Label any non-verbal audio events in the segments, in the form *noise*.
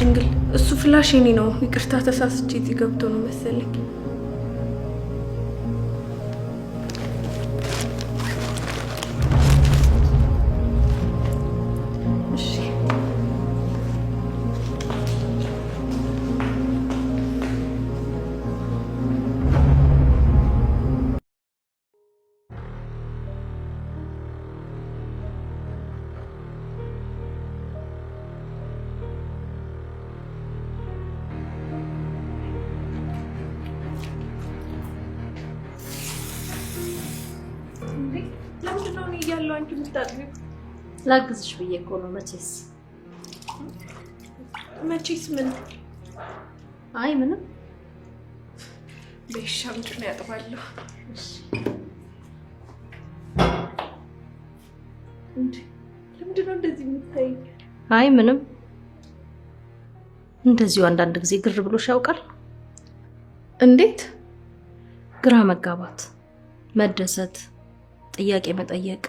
ድንግል እሱ ፍላሽ የኔ ነው። ይቅርታ ተሳስቼ እዚህ ገብቶ ነው መሰለኝ። እያለሁ አንቺ የምታጥቢው ላግዝሽ ብዬ እኮ ነው። መቼስ መቼስ ምን አይ ምንም በሻ ምንድን ነው ያጥባለሁ። ለምንድን ነው እንደዚህ የምታይ? አይ ምንም እንደዚሁ አንዳንድ ጊዜ ግር ብሎሽ ያውቃል? እንዴት ግራ መጋባት፣ መደሰት፣ ጥያቄ መጠየቅ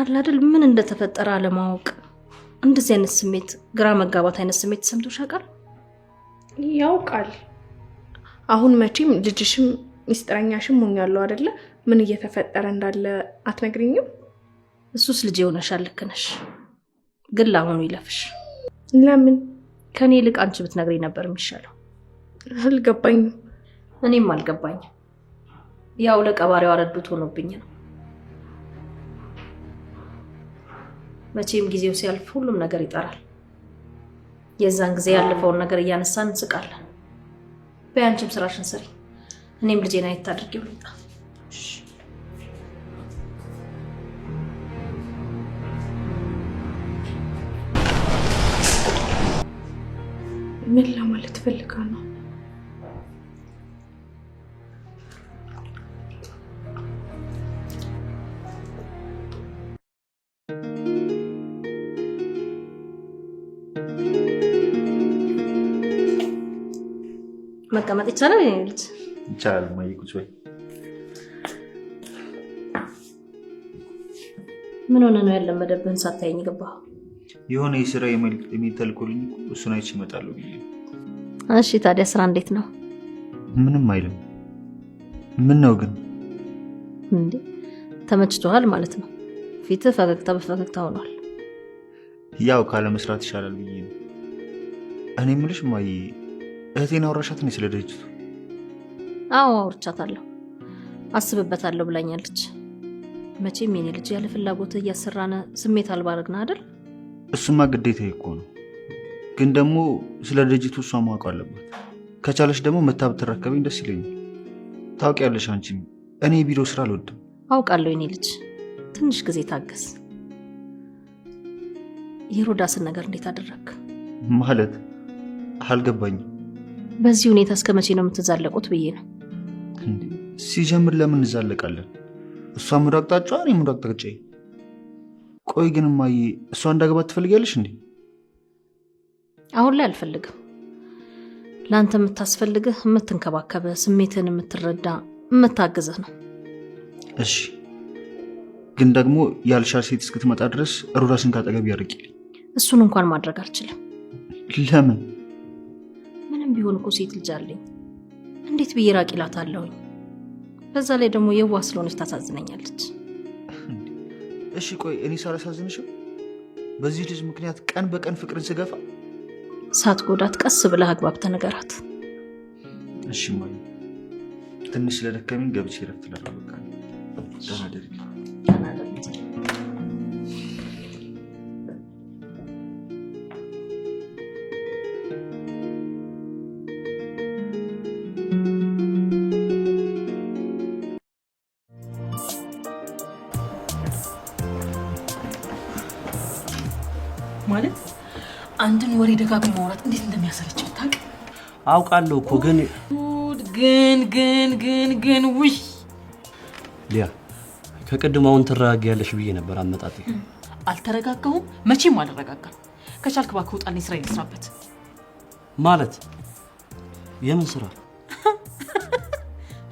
አላደል ምን እንደተፈጠረ አለማወቅ እንደዚህ አይነት ስሜት ግራ መጋባት አይነት ስሜት ሰምቶሽ ያውቃል? ያውቃል። አሁን መቼም ልጅሽም ሚስጥረኛሽም ሆኛለሁ አይደለ? ምን እየተፈጠረ እንዳለ አትነግርኝም? እሱስ ልጅ የሆነሻል። ልክ ነሽ፣ ግን ለአሁኑ ይለፍሽ። ለምን ከእኔ ይልቅ አንቺ ብትነግሪ ነበር የሚሻለው። አልገባኝም። እኔም አልገባኝም። ያው ለቀባሪው አረዱት ሆኖብኝ ነው። መቼም ጊዜው ሲያልፍ ሁሉም ነገር ይጠራል። የዛን ጊዜ ያለፈውን ነገር እያነሳን እንስቃለን። በያንቺም ስራሽን ስሪ፣ እኔም ልጄን አየት አድርጊው ልውጣ። ምን ለማለት ፈልጋ ነው? መቀመጥ ይቻላል? የኔ ልጅ ይቻላል። ማይቁጭ ወይ ምን ሆነ ነው ያለመደብህን ሳታየኝ ገባ? የሆነ የስራ ኢሜል ተልኮልኝ እሱን አይቼ እመጣለሁ። እሺ ታዲያ ስራ እንዴት ነው? ምንም አይልም። ምን ነው ግን እንዴ ተመችቶሃል ማለት ነው? ፊትህ ፈገግታ በፈገግታ ሆኗል። ያው ካለመስራት ይሻላል ብዬ ነው እኔ የምልሽ ማየ እህቴን አውራሻት እኔ ስለ ድርጅቱ? አዎ አውርቻታለሁ፣ አስብበታለሁ ብላኛለች። መቼም የኔ ልጅ ያለ ፍላጎት እያሰራነ ስሜት አልባ አይደል? እሱማ ግዴታ እኮ ነው። ግን ደግሞ ስለ ድርጅቱ እሷ ማወቅ አለባት። ከቻለች ደግሞ መታ ብትረከበኝ ደስ ይለኛል። ታውቂያለሽ አንቺም እኔ ቢሮ ስራ አልወድም። አውቃለሁ የኔ ልጅ፣ ትንሽ ጊዜ ታገስ። የሮዳስን ነገር እንዴት አደረግ ማለት አልገባኝም። በዚህ ሁኔታ እስከ መቼ ነው የምትዛለቁት ብዬ ነው። ሲጀምር ለምን እንዛለቃለን? እሷ ሙድ አቅጣጫ እኔ ሙድ አቅጣጫ። ቆይ ግን ማይ እሷ እንዳገባት ትፈልጊያለሽ እንዴ? አሁን ላይ አልፈልግም። ለአንተ የምታስፈልግህ የምትንከባከበ ስሜትን የምትረዳ፣ የምታግዝህ ነው። እሺ ግን ደግሞ ያልሻል ሴት እስክትመጣ ድረስ ሩዳስን ካጠገብ ያርቅ እሱን እንኳን ማድረግ አልችልም። ለምን? ምንም ቢሆን እኮ ሴት ልጅ አለኝ እንዴት ብዬ ራቅ እላታለሁኝ? በዛ ላይ ደግሞ የዋህ ስለሆነች ታሳዝነኛለች። እሺ ቆይ እኔ ሳላሳዝንሽም በዚህ ልጅ ምክንያት ቀን በቀን ፍቅርን ስገፋ ሳት ጎዳት ቀስ ብለህ አግባብተህ ንገራት። እሺ ትንሽ ስለደከመኝ ገብቼ ረፍት ወሬ ደጋግሞ ማውራት እንዴት እንደሚያሰለች ታውቅ? አውቃለሁ እኮ ግን ግን ግን ግን ግን ውይ ሊያ ከቅድሙ አሁን ትረጋጊያለሽ ብዬ ነበር አመጣጤ። አልተረጋጋሁም፣ መቼም አልረጋጋም። ከቻልክ እባክህ ውጣልኝ፣ ስራ ይስራበት። ማለት የምን ስራ?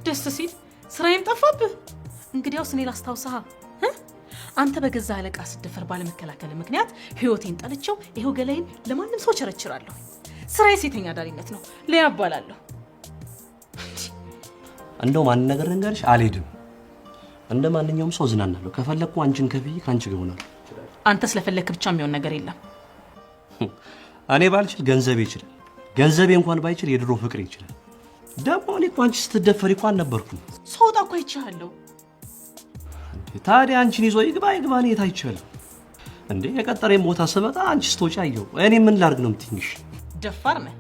ደስ ሲል ስራዬም ጠፋብህ። እንግዲያውስ እኔ ላስታውስሃ አንተ በገዛ አለቃ ስደፈር ባለመከላከል ምክንያት ህይወቴን ጠልቼው ይሄው ገላይን ለማንም ሰው ቸረችራለሁ። ስራ የሴተኛ አዳሪነት ነው። ሌላ እባላለሁ። እንደውም አንድ ነገር ንገርሽ፣ አልሄድም። እንደ ማንኛውም ሰው ዝናናለሁ። ከፈለግኩ አንቺን ከፍዬ ከአንቺ ጋር አንተ ስለፈለክ ብቻ የሚሆን ነገር የለም። *laughs* እኔ ባልችል ገንዘቤ ይችላል። ገንዘቤ እንኳን ባይችል የድሮ ፍቅር ይችላል። ደግሞ እኔ እኮ አንቺ ስትደፈሪ እኮ አልነበርኩም። ሰውጣ እኮ ይችላለሁ። ታዲያ አንቺን ይዞ ይግባ ይግባ እኔ የት እንዴ? የቀጠረኝ ቦታ ስመጣ አንቺ ስትወጪ አየሁ። እኔ ምን ላርግ ነው ምትኝሽ? ደፋር ነህ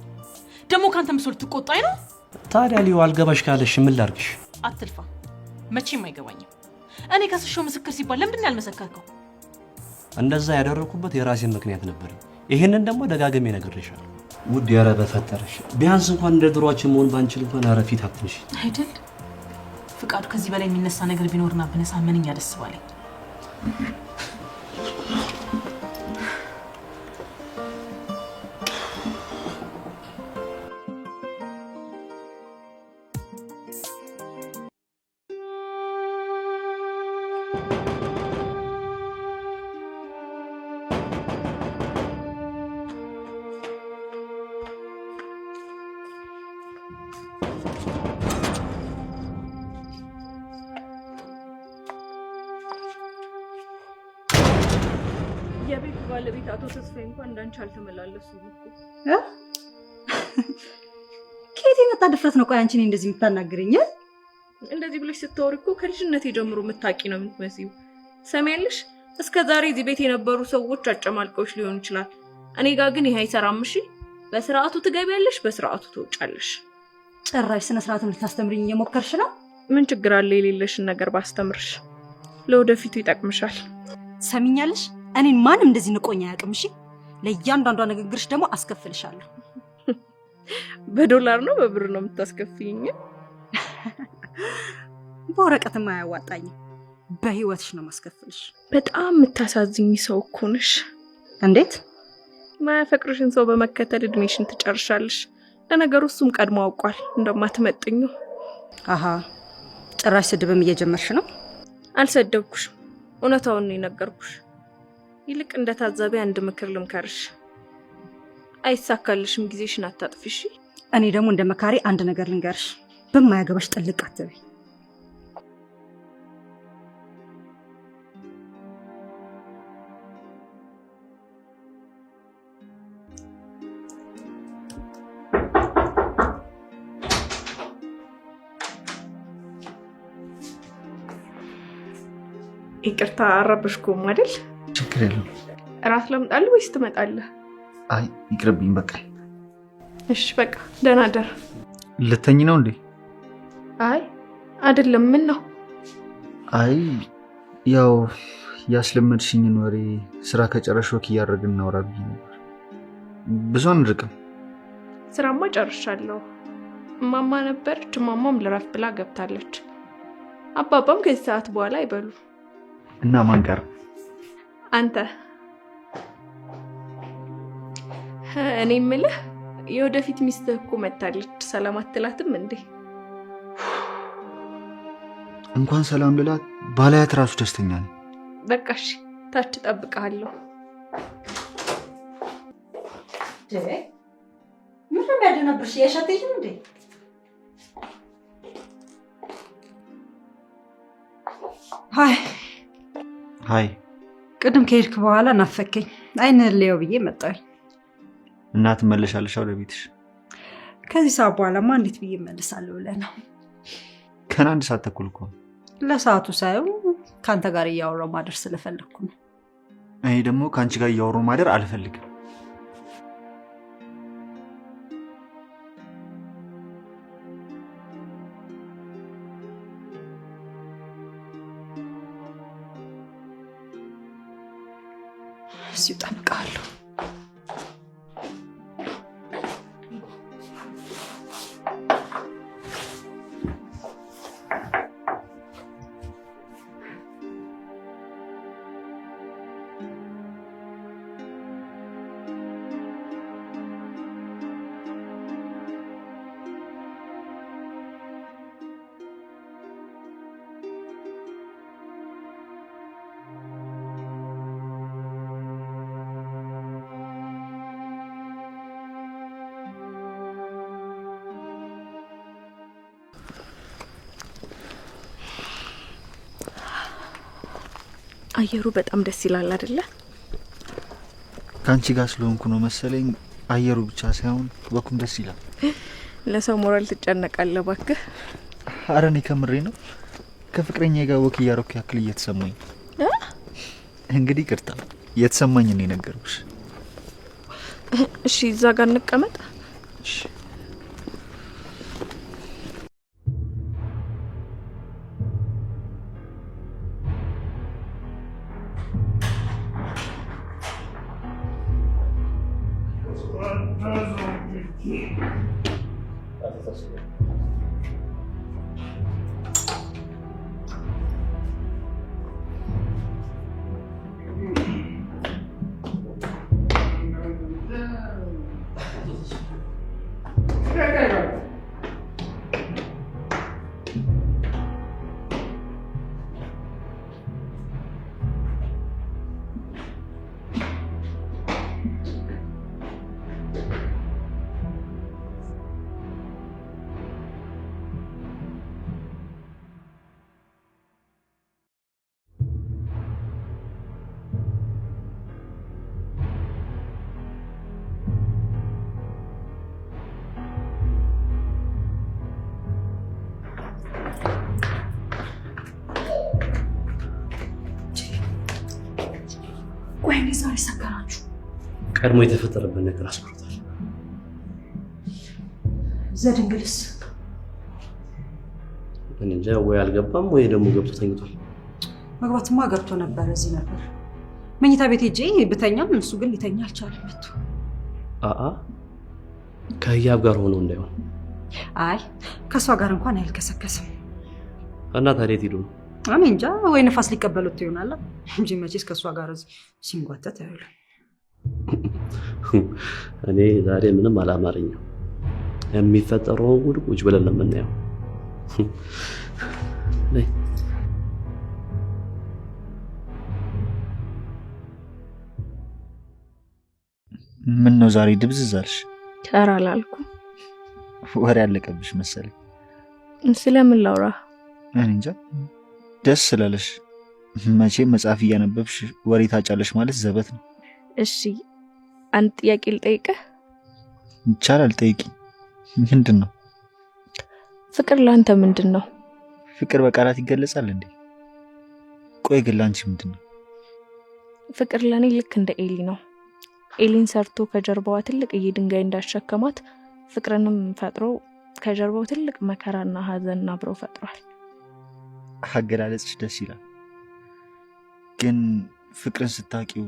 ደግሞ። ከአንተ ምስል ትቆጣኝ ነው። ታዲያ ሊዮ አልገባሽ ካለሽ ምን ላርግሽ? አትልፋ፣ መቼም አይገባኝም። እኔ ከስሾ ምስክር ሲባል ለምንድን ያልመሰከርከው? እንደዛ ያደረኩበት የራሴን ምክንያት ነበር። ይሄንን ደግሞ ደጋግሜ እነግርሻለሁ ውድ። ያረ በፈጠረሽ ቢያንስ እንኳን እንደ ድሯችን መሆን ባንችል እንኳን ኧረ አትንሽ አይደል ፍቃዱ ከዚህ በላይ የሚነሳ ነገር ቢኖርና ብነሳ ምንኛ ደስ ባለኝ። ከየት የመጣ ድፍረት ነው? ቆይ አንቺን እንደዚህ የምታናግረኝ? እንደዚህ ብለሽ ስታወሪ እኮ ከልጅነቴ ጀምሮ የምታውቂ ነው የምትመስዩ። ሰሜልሽ እስከ ዛሬ እዚህ ቤት የነበሩ ሰዎች አጨማልቀዎች ሊሆን ይችላል። እኔ ጋር ግን ይህ አይሰራም። እሺ፣ በስርዓቱ ትገቢያለሽ፣ በስርዓቱ ትወጫለሽ። ጭራሽ ስነ ስርዓትን ልታስተምርኝ እየሞከርሽ ነው። ምን ችግር አለ የሌለሽን ነገር ባስተምርሽ? ለወደፊቱ ይጠቅምሻል። ሰሚኛለሽ፣ እኔን ማንም እንደዚህ ንቆኝ አያውቅም። እሺ ለእያንዳንዷ ንግግርሽ ደግሞ አስከፍልሻለሁ። በዶላር ነው በብር ነው የምታስከፍኝ በወረቀትም አያዋጣኝም። በህይወትሽ ነው ማስከፍልሽ። በጣም የምታሳዝኝ ሰው እኮ ነሽ። እንዴት ማያፈቅርሽን ሰው በመከተል እድሜሽን ትጨርሻለሽ። ለነገሩ እሱም ቀድሞ አውቋል እንደማትመጥኙ። አሀ ጭራሽ ስድብም እየጀመርሽ ነው። አልሰደብኩሽም፣ እውነታውን ነው የነገርኩሽ። ይልቅ እንደ ታዛቢ አንድ ምክር ልምከርሽ። አይሳካልሽም፣ ጊዜሽን አታጥፊሽ። እኔ ደግሞ እንደ መካሪ አንድ ነገር ልንገርሽ፣ በማያገባሽ ጥልቅ አትበይ። ይቅርታ አረበሽኩም አይደል? ችግር የለም። እራት ላምጣልህ ወይስ ትመጣለህ? አይ ይቅርብኝ፣ በቃ እሺ፣ በቃ ደህና ደር። ልተኝ ነው እንዴ? አይ አይደለም። ምን ነው? አይ ያው ያስለመድሽኝን ወሬ ስራ ከጨረሽ ወክ እያደረግን እናውራ ብዬሽ ነበር። ብዙ አንርቅም። ስራማ ጨርሻለሁ። እማማ ነበረች፣ እማማም ልረፍ ብላ ገብታለች። አባባም ከዚህ ሰዓት በኋላ አይበሉ እና ማን ቀረ? አንተ እኔ የምልህ የወደፊት ሚስትህ እኮ መታለች። ሰላም አትላትም እንዴ? እንኳን ሰላም ልላት ባላያት ራሱ ደስተኛ ነኝ። በቃ እሺ፣ ታች እጠብቅሃለሁ። ምን የሚያደነብርሽ? የሸትይም እንዴ? ሀይ ሀይ ቅድም ከሄድክ በኋላ ናፈከኝ። አይን ልየው ብዬ መጣሁ። እና ትመለሻለሽ ወደ ቤትሽ? ከዚህ ሰዓት በኋላማ እንዴት ብዬ እመለሳለሁ ብለህ ነው? ከና አንድ ሰዓት ተኩል እኮ ለሰዓቱ ሳየው ከአንተ ጋር እያወራሁ ማደር ስለፈለግኩ ነው። እኔ ደግሞ ከአንቺ ጋር እያወራሁ ማደር አልፈልግም። እዚሁ አየሩ በጣም ደስ ይላል አይደለ? ከአንቺ ጋር ስለሆንኩ ነው መሰለኝ። አየሩ ብቻ ሳይሆን ወኩም ደስ ይላል። ለሰው ሞራል ትጨነቃለህ ባክህ። አረ እኔ ከምሬ ነው። ከፍቅረኛ ጋር ወክ እያረኩ ያክል እየተሰማኝ እንግዲህ ቅርታ የተሰማኝ ነው የነገርኩሽ። እሺ እዛ ጋር እንቀመጥ። እሺ ቀድሞ የተፈጠረበት ነገር አስቆርቷል። ዘድንግልስ እንጃ ወይ አልገባም ወይ ደግሞ ገብቶ ተኝቷል። መግባትማ ገብቶ ነበር፣ እዚህ ነበር። መኝታ ቤት ሄጄ ብተኛም እሱ ግን ሊተኛ አልቻለም። መጥቶ አአ ከህያብ ጋር ሆኖ እንዳይሆን። አይ ከእሷ ጋር እንኳን አይልከሰከስም። እና ታዲያ የት ሄዱ ነው? እኔ እንጃ፣ ወይ ነፋስ ሊቀበሉት ይሆናል እንጂ መቼስ ከእሷ ጋር እዚህ ሲንጓተት አይውልም። እኔ ዛሬ ምንም አላማረኝም። የሚፈጠረውን ጉድ ቁጭ ብለን ነው የምናየው። ምን ነው ዛሬ ድብዝዝ አልሽ? ተራ አላልኩ። ወሬ አለቀብሽ መሰለኝ። ስለምን ላውራ? እንጃ ደስ ስላለሽ። መቼም መጽሐፍ እያነበብሽ ወሬ ታጫለሽ ማለት ዘበት ነው። እሺ አንድ ጥያቄ ልጠይቅህ ይቻላል? ጠይቂ። ምንድን ነው ፍቅር ለአንተ ምንድን ነው? ፍቅር በቃላት ይገለጻል እንዴ? ቆይ ግን ለአንቺ ምንድን ነው ፍቅር? ለእኔ ልክ እንደ ኤሊ ነው። ኤሊን ሰርቶ ከጀርባዋ ትልቅዬ ድንጋይ እንዳሸከማት ፍቅርንም ፈጥሮ ከጀርባው ትልቅ መከራና ሐዘን አብረው ፈጥሯል። አገላለጽሽ ደስ ይላል። ግን ፍቅርን ስታቂው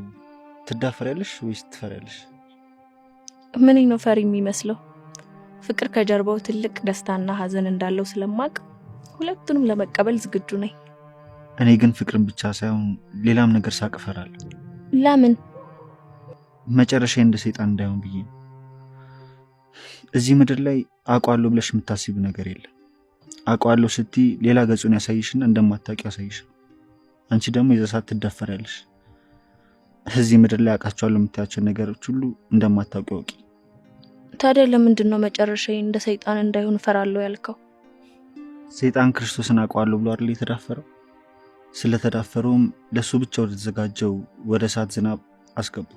ትዳፈሪያለሽ ወይስ ትፈሪያለሽ? ምን ነው ፈሪ የሚመስለው? ፍቅር ከጀርባው ትልቅ ደስታና ሀዘን እንዳለው ስለማቅ ሁለቱንም ለመቀበል ዝግጁ ነኝ። እኔ ግን ፍቅርን ብቻ ሳይሆን ሌላም ነገር ሳቅ እፈራለሁ። ለምን? መጨረሻ እንደ ሰይጣን እንዳይሆን ብዬ። እዚህ ምድር ላይ አውቀዋለሁ ብለሽ የምታስቢው ነገር የለም። አውቀዋለሁ ስትይ ሌላ ገጹን ያሳይሽና እንደማታውቂው ያሳይሽ። አንቺ ደግሞ የዛ ሰዓት ትዳፈሪያለሽ። እዚህ ምድር ላይ አውቃቸዋለሁ የምታያቸው ነገሮች ሁሉ እንደማታውቂ ወቂ። ታዲያ ለምንድን ነው መጨረሻ እንደ ሰይጣን እንዳይሆን እፈራለሁ ያልከው? ሰይጣን ክርስቶስን አውቀዋለሁ ብሎ አይደል የተዳፈረው? ስለተዳፈረውም ለእሱ ብቻ ወደተዘጋጀው ወደ እሳት ዝናብ አስገቡ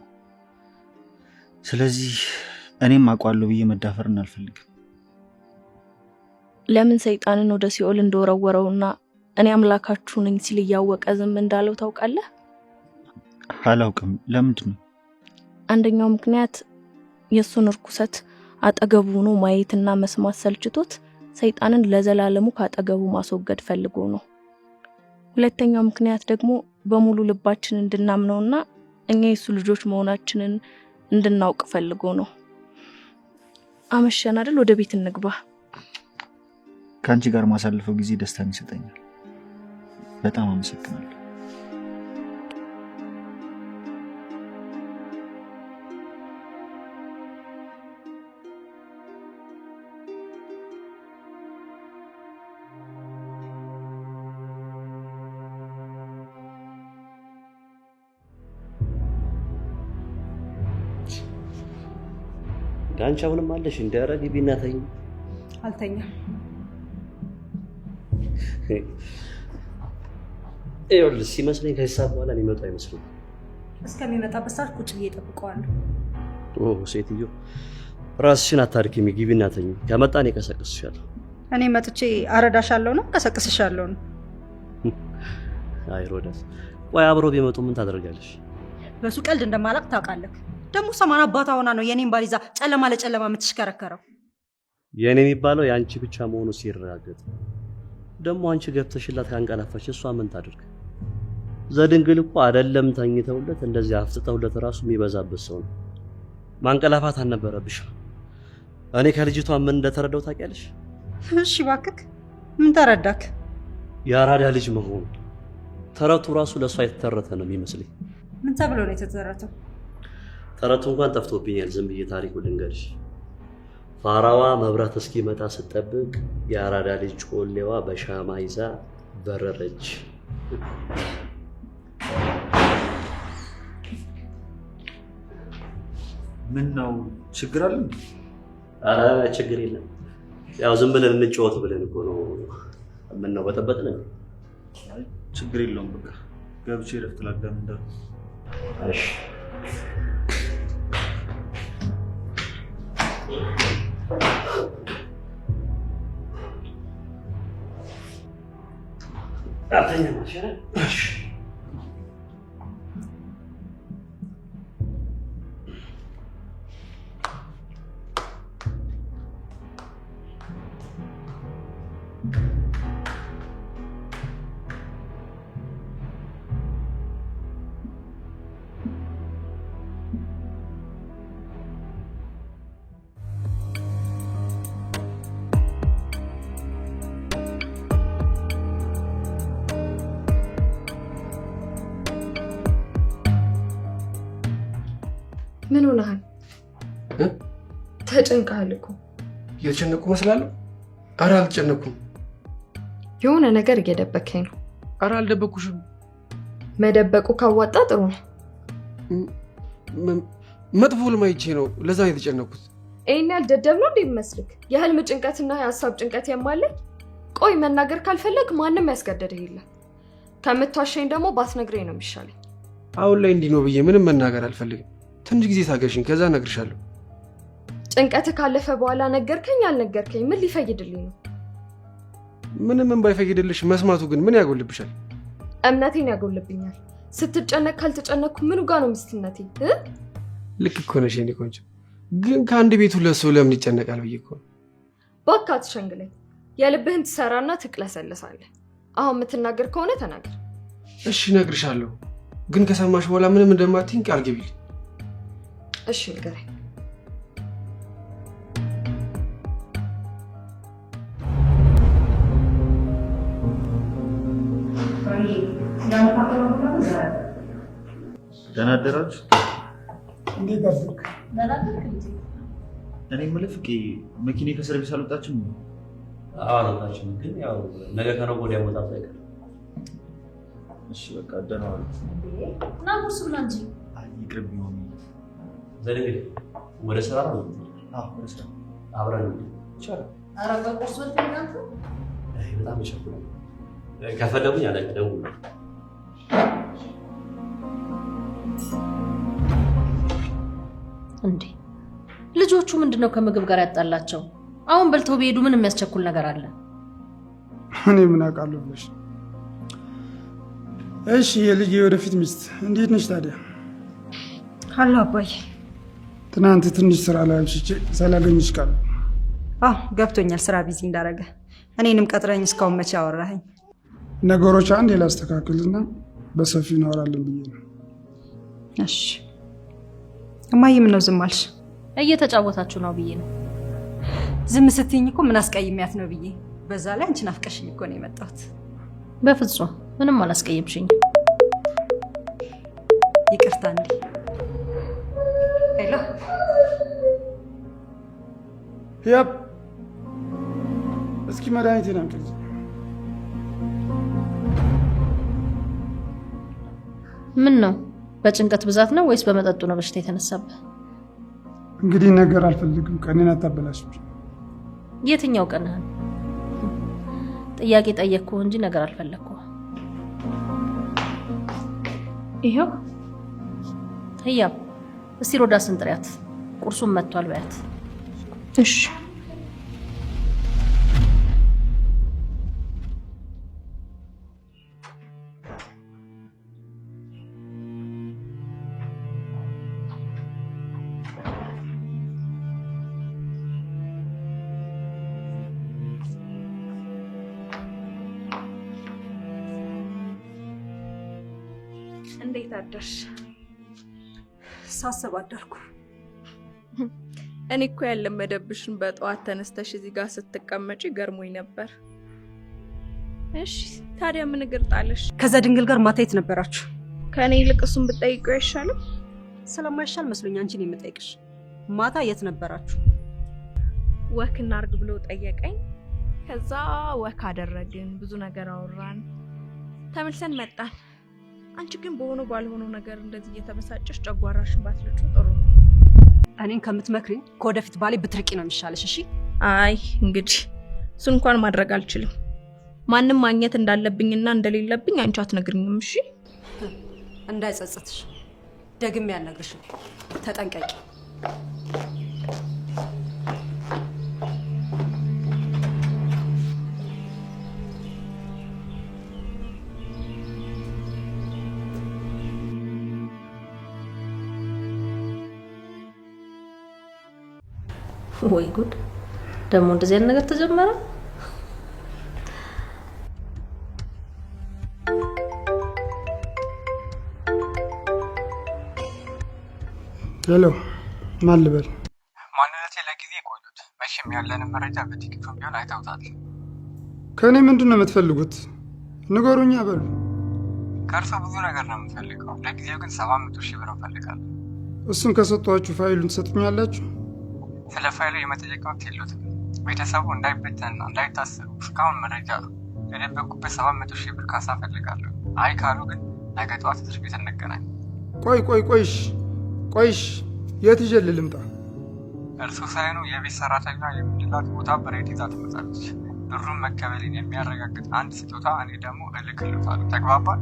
ስለዚህ እኔም አውቀዋለሁ ብዬ መዳፈርን አልፈልግም። ለምን ሰይጣንን ወደ ሲኦል እንደወረወረውና እኔ አምላካችሁ ነኝ ሲል እያወቀ ዝም እንዳለው ታውቃለህ? አላውቅም። ለምንድን ነው? አንደኛው ምክንያት የእሱን እርኩሰት አጠገቡ ሆኖ ማየትና መስማት ሰልችቶት ሰይጣንን ለዘላለሙ ካጠገቡ ማስወገድ ፈልጎ ነው። ሁለተኛው ምክንያት ደግሞ በሙሉ ልባችን እንድናምነውና እኛ የሱ ልጆች መሆናችንን እንድናውቅ ፈልጎ ነው። አመሸን አይደል? ወደ ቤት እንግባ። ከአንቺ ጋር ማሳለፈው ጊዜ ደስታን ይሰጠኛል። በጣም አመሰግናለሁ። አንቺ አሁንም አለሽ እንደ ኧረ ግቢ እና ተኝ። ይኸውልህ ሲመስለኝ ከዚህ ሰዓት በኋላ የሚመጣ አይመስልም። እስከሚመጣበት ሰዓት ቁጭ ብዬ እጠብቀዋለሁ። ሴትዮ ራስሽን አታድክሚ፣ ግቢ እና ተኝ። ከመጣ እኔ እቀሰቅስሻለሁ። እኔ መጥቼ አረዳሻለሁ ነው እቀሰቅስሻለሁ ነው? አይ ሮዳስ፣ ቆይ አብሮ ቢመጡ ምን ታደርጋለሽ? በሱ ቀልድ እንደማላቅ ታውቃለህ። ደግሞ ሰማን አባታ ሆና ነው የኔን ባሊዛ ጨለማ ለጨለማ የምትሽከረከረው። የእኔ የሚባለው የአንቺ ብቻ መሆኑ ሲረጋገጥ ደግሞ አንቺ ገብተሽላት ካንቀላፋች እሷ ምን ታድርግ? ዘድንግል እኮ አይደለም ተኝተውለት እንደዚህ አፍጥጠውለት ራሱ የሚበዛበት ሰው ነው። ማንቀላፋት አልነበረብሽም። እኔ ከልጅቷ ምን እንደተረዳው ታውቂያለሽ? እሺ እባክህ ምን ተረዳክ? የአራዳ ልጅ መሆኑ ተረቱ ራሱ ለእሷ የተተረተ ነው የሚመስለኝ። ምን ተብሎ ነው የተተረተው? ተረቱ እንኳን ጠፍቶብኛል። ዝም ብዬ ታሪኩ ልንገርሽ። ፋራዋ መብራት እስኪመጣ ስጠብቅ የአራዳ ልጅ ጮሌዋ በሻማ ይዛ በረረች። ምን ነው ችግር አለ? ኧረ ችግር የለም። ያው ዝም ብለን እንጫወት ብለን እኮ ነው። ምን ነው በጠበጥ ነው? ችግር የለውም። በቃ ገብቼ ረፍት ላጋም እንዳል። እሺ አራተኛ ማሽ *laughs* ተጨንቀሃል እኮ። እየተጨነቁ እመስላለሁ? አረ አልተጨነኩም። የሆነ ነገር እየደበከኝ ነው። አረ አልደበኩሽም። መደበቁ ካዋጣ ጥሩ ነው። መጥፎ ልማይቼ ነው፣ ለዛ የተጨነኩት። ይህን ያህል ደደብ ነው እንዴ የሚመስልክ? የህልም ጭንቀትና የሀሳብ ጭንቀት የማለኝ። ቆይ መናገር ካልፈለግ ማንም ያስገደደ የለም። ከምትዋሸኝ ደግሞ ባትነግረኝ ነው የሚሻለኝ። አሁን ላይ እንዲህ ነው ብዬ ምንም መናገር አልፈልግም። ትንሽ ጊዜ ታገሽኝ፣ ከዛ እነግርሻለሁ። ጭንቀት ካለፈ በኋላ ነገርከኝ አልነገርከኝ ምን ሊፈይድልኝ ነው? ምንም ባይፈይድልሽ መስማቱ ግን ምን ያጎልብሻል? እምነቴን ያጎልብኛል። ስትጨነቅ ካልተጨነቅኩ ምኑ ጋ ነው ምስትነቴ? ልክ እኮ ነሽ ቆንጆ። ግን ከአንድ ቤቱ ለሰው ለምን ይጨነቃል ብዬ እኮ ነው። እባክህ አትሸንግለኝ። የልብህን ትሰራና ትቅለሰለሳለህ። አሁን የምትናገር ከሆነ ተናገር። እሺ እነግርሻለሁ፣ ግን ከሰማሽ በኋላ ምንም እንደማትይኝ ቃል ግቢልኝ። እሺ ንገረኝ። ደህና አደራችሁ። እኔ የምልህ ፍቄ መኪና ከሰርቪስ አልወጣችም? አልወጣችም፣ ግን ያው ነገ ከነገ ወዲያ መውጣት አይቀርም። እሺ በቃ ደህና ዋሉ። ና ቁርስ ብላ እንጂ። ይቅርብ ሆኑ ዘደግ ወደ ስራ ነው ወደ ስራ አብረን ይቻላል። ኧረ በቁርስ በጣም ይሸኩላል። ከፈለጉኝ አለ ደውል እንዴ ልጆቹ ምንድን ነው ከምግብ ጋር ያጣላቸው? አሁን በልተው ቢሄዱ ምን የሚያስቸኩል ነገር አለ? እኔ ምን አውቃለሁ ብለሽ። እሺ የልጅ የወደፊት ሚስት እንዴት ነች ታዲያ? አለ አባዬ። ትናንት ትንሽ ስራ ላይ አምሽቼ ሳላገኝሽ ቃል። አዎ ገብቶኛል፣ ስራ ቢዚ እንዳረገ እኔንም ቀጥረኝ። እስካሁን መቼ አወራኸኝ? ነገሮች አንድ ላስተካክልና በሰፊው እናወራለን ብዬ ነው እሺ እማዬ፣ ምን ነው ዝም አልሽ? እየተጫወታችሁ ነው ብዬ ነው ዝም ስትይኝ እኮ ምን አስቀይሚያት ነው ብዬ። በዛ ላይ አንቺን አፍቀሽኝ እኮ ነው የመጣሁት። በፍጹም ምንም አላስቀየምሽኝ። ይቅርታ እንዴ። ሄሎ ያ እስኪ መድኃኒቴን አምጪልኝ። ምን ነው በጭንቀት ብዛት ነው ወይስ በመጠጡ ነው በሽታ የተነሳብህ? እንግዲህ ነገር አልፈልግም። ቀኔን አታበላሽ። የትኛው ቀንህን? ጥያቄ ጠየቅኩህ እንጂ ነገር አልፈለግኩ። ይኸው ህያብ፣ እስቲ ሮዳስን ጥሪያት፣ ቁርሱን መጥቷል በያት። እሺ ገባሽ? ሳስብ አደርኩ። እኔ እኮ ያለመደብሽን በጠዋት ተነስተሽ እዚህ ጋር ስትቀመጪ ገርሞኝ ነበር። እሺ ታዲያ ምን እግር ጣለሽ? ከዛ ድንግል ጋር ማታ የት ነበራችሁ? ከእኔ ይልቅ እሱን ብጠይቀው አይሻልም? ስለማይሻል መስሎኝ አንቺን የምጠይቅሽ። ማታ የት ነበራችሁ? ወክ እናርግ ብሎ ጠየቀኝ። ከዛ ወክ አደረግን፣ ብዙ ነገር አወራን፣ ተመልሰን መጣን። አንቺ ግን በሆነ ባልሆነው ነገር እንደዚህ እየተበሳጨሽ ጨጓራሽን ባትልጩ ጥሩ ነው። እኔን ከምትመክሪ ከወደፊት ባሌ ብትርቂ ነው የሚሻለሽ። እሺ። አይ እንግዲህ እሱ እንኳን ማድረግ አልችልም። ማንም ማግኘት እንዳለብኝና እንደሌለብኝ አንቺ አትነግርኝም። እሺ። እንዳይጸጽትሽ ደግሜ አልነግርሽም። ተጠንቀቂ። ወይ ጉድ! ደግሞ እንደዚህ አይነት ነገር ተጀመረ። ሄሎ፣ ማን ልበል? ማንነቴ ለጊዜ ቆዩት። መቼም ያለንን መረጃ በጥቂቱም ቢሆን አይተውታል። ከእኔ ምንድን ነው የምትፈልጉት? ንገሩኛ በሉ። ከእርሶ ብዙ ነገር ነው የምፈልገው። ለጊዜው ግን ሰባ መቶ ሺህ ብር እንፈልጋለን። እሱን ከሰጧችሁ ፋይሉን ትሰጡኛላችሁ? ስለ ፋይሉ የመጠየቅ መብት የሉትም። ቤተሰቡ እንዳይበተንና እንዳይታሰሩ እስካሁን መረጃ የደበቁበት ሰባት መቶ ሺህ ብር ካሳ ፈልጋለሁ። አይ ካሉ ግን ነገ ጠዋት እስር ቤት እንገናኝ። ቆይ ቆይ ቆይሽ ቆይሽ የት ይዤ ልምጣ? እርሶ ሳይኑ የቤት ሰራተኛ የምንላት ቦታ በሬት ይዛ ትመጣለች። ብሩን መከበልን የሚያረጋግጥ አንድ ስጦታ እኔ ደግሞ እልክልዎታለሁ። ተግባባል?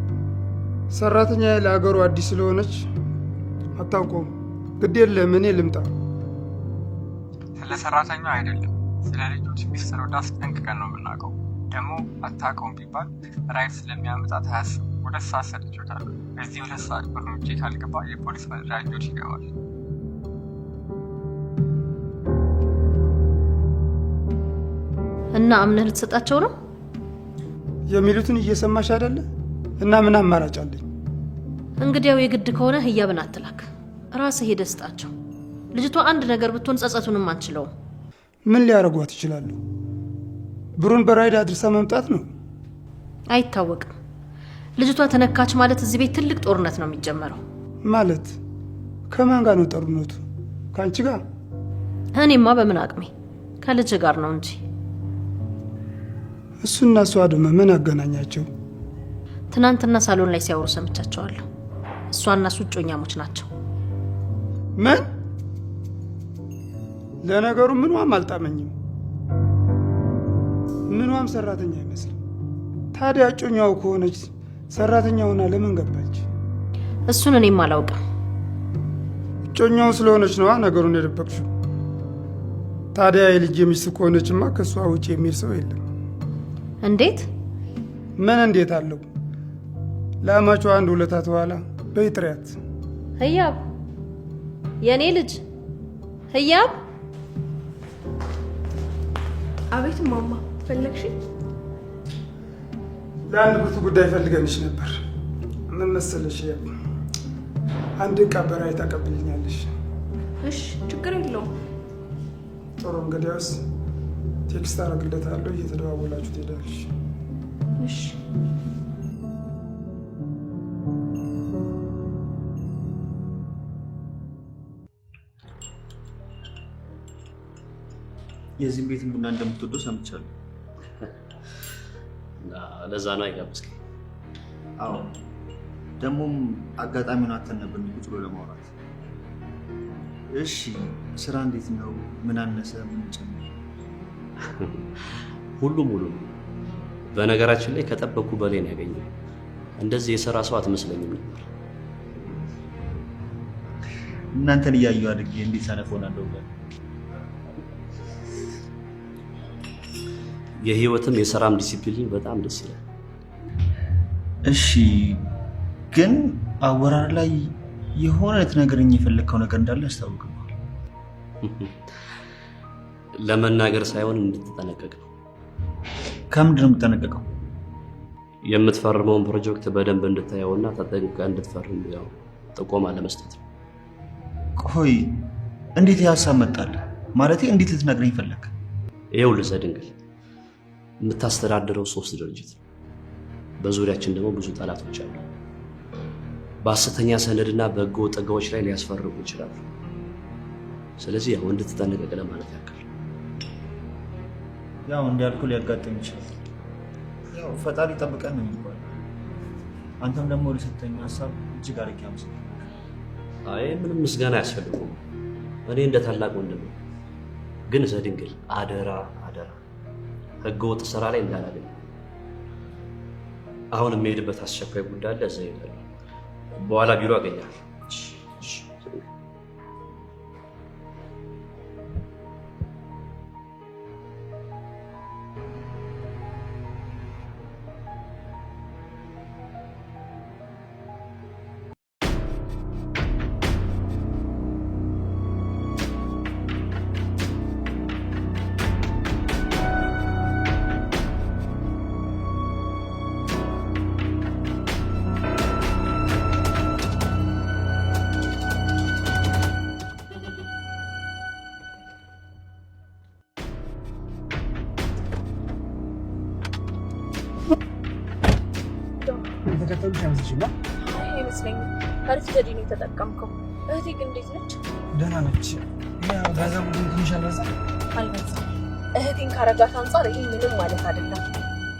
ሰራተኛ ለአገሩ አዲስ ስለሆነች አታውቀውም። ግድ የለም እኔ ልምጣ። ስለ ሰራተኛው አይደለም ስለ ልጆች የሚሰረዳ አስጠንቅቀን ነው የምናውቀው። ደግሞ አታቀውም ቢባል ራይት ስለሚያመጣ ታያስብ ሁለት ሰዓት ሰጥቼዎታል። በዚህ ሁለት ሰዓት ብሩንቼ ካልገባ የፖሊስ መረጃዎች ይገባል። እና አምነህ ልትሰጣቸው ነው የሚሉትን እየሰማሽ አይደለ? እና ምን አማራጭ አለኝ? እንግዲያው የግድ ከሆነ ህያብን አትላክ፣ ራስህ ሄደህ ስጣቸው። ልጅቷ አንድ ነገር ብትሆን ጸጸቱንም አንችለውም። ምን ሊያደርጓት ይችላሉ? ብሩን በራይድ አድርሳ መምጣት ነው። አይታወቅም። ልጅቷ ተነካች ማለት እዚህ ቤት ትልቅ ጦርነት ነው የሚጀመረው። ማለት ከማን ጋር ነው ጦርነቱ? ከአንቺ ጋር? እኔማ በምን አቅሜ ከልጅ ጋር ነው እንጂ። እሱና እሷ ደግሞ ምን አገናኛቸው? ትናንትና ሳሎን ላይ ሲያወሩ ሰምቻቸዋለሁ። እሷና እሱ እጮኛሞች ናቸው። ምን ለነገሩ ምኗም አልጣመኝም። ምኗም ሰራተኛ አይመስልም። ታዲያ እጮኛው ከሆነች ሰራተኛ ሆና ለምን ገባች? እሱን እኔም አላውቅም። እጮኛው ስለሆነች ነዋ ነገሩን የደበቅሽው። ታዲያ የልጅ ሚስት ከሆነችማ ከእሷ ውጭ የሚል ሰው የለም። እንዴት? ምን እንዴት አለው? ለአማቿ አንድ ውለታት በኋላ በይጥሪያት ህያብ የእኔ ልጅ ህያብ አቤት ማማ፣ ፈለግሽ? ለአንድ ጉት ጉዳይ ፈልገንሽ ነበር። ምን መሰለሽ፣ አንድ ዕቃ በራይ ታቀብልኛለሽ? እሺ፣ ችግር የለውም። ጥሩ፣ እንግዲያውስ ቴክስት አደርግለታለሁ፣ እየተደዋወላችሁ ትሄዳለሽ። እሺ የዚህም ቤትን ቡና እንደምትወዱ ሰምቻለሁ። ለዛ ነው አይጋብዝከኝ? አዎ፣ ደግሞም አጋጣሚ ነው አተነብን ቁጭ ብሎ ለማውራት። እሺ፣ ስራ እንዴት ነው? ምን አነሰ? ምን ጨመረ? *laughs* ሁሉ ሙሉ ነው። በነገራችን ላይ ከጠበቅኩ በላይ ነው ያገኘው። እንደዚህ የስራ ሰው አትመስለኝም ነበር። እናንተን እያየሁ አድጌ እንዴት ሳነፍ ሆናለሁ። የህይወትም የስራም ዲሲፕሊን በጣም ደስ ይላል። እሺ፣ ግን አወራር ላይ የሆነ ልትነግረኝ የፈለግከው ነገር እንዳለ ያስታውቅባል። *laughs* ለመናገር ሳይሆን እንድትጠነቀቅ ነው። ከምንድን ነው የምትጠነቀቀው? የምትፈርመውን ፕሮጀክት በደንብ እንድታየውና ተጠንቅቀህ እንድትፈርም ያው ጥቆማ ለመስጠት ነው። ቆይ እንዴት ያሳመጣል? ማለት ማለቴ እንዴት ልትነግረኝ ፈለግ? ይኸውልህ ዘ የምታስተዳድረው ሶስት ድርጅት ነው። በዙሪያችን ደግሞ ብዙ ጠላቶች አሉ። በሐሰተኛ ሰነድና በህገ ወጥ ጥገዎች ላይ ሊያስፈርጉ ይችላሉ። ስለዚህ ያው እንድትጠነቀቅ ለማለት ያክል ያው እንዲያልኩ ሊያጋጥም ይችላል። ያው ፈጣሪ ይጠብቀን ነው የሚባለው። አንተም ደግሞ ለሰጠኝ ሀሳብ እጅግ አድርጌ አመሰግናለሁ። አይ ምንም ምስጋና አያስፈልገውም። እኔ እንደ ታላቅ ወንድም ግን ዘድንግል አደራ አደራ ህገወጥ ስራ ላይ እንዳላገኝ። አሁን የሚሄድበት አስቸኳይ ጉዳይ አለ። እዛ ይሄዳል። በኋላ ቢሮ አገኛል። የተከተሉት አይመስልሽም? አይመስለኝም። አሪፍ ዘዴ ነው የተጠቀምከው። እህቴ ግን እንዴት ነች? ደህና ነች። ጋዛ ቡድን ትንሽ አልበዛ አልበዛ። እህቴን ካረጋት አንጻር ይህ ምንም ማለት አይደለም።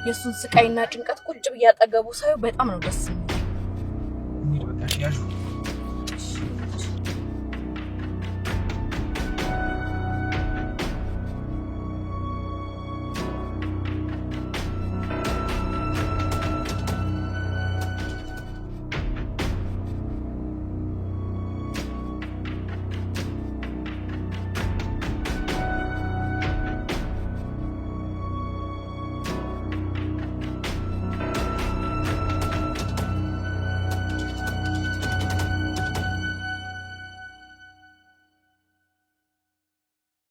የእሱን ስቃይና ጭንቀት ቁጭ ብዬ አጠገቡ ሳየው በጣም ነው ደስ የሚል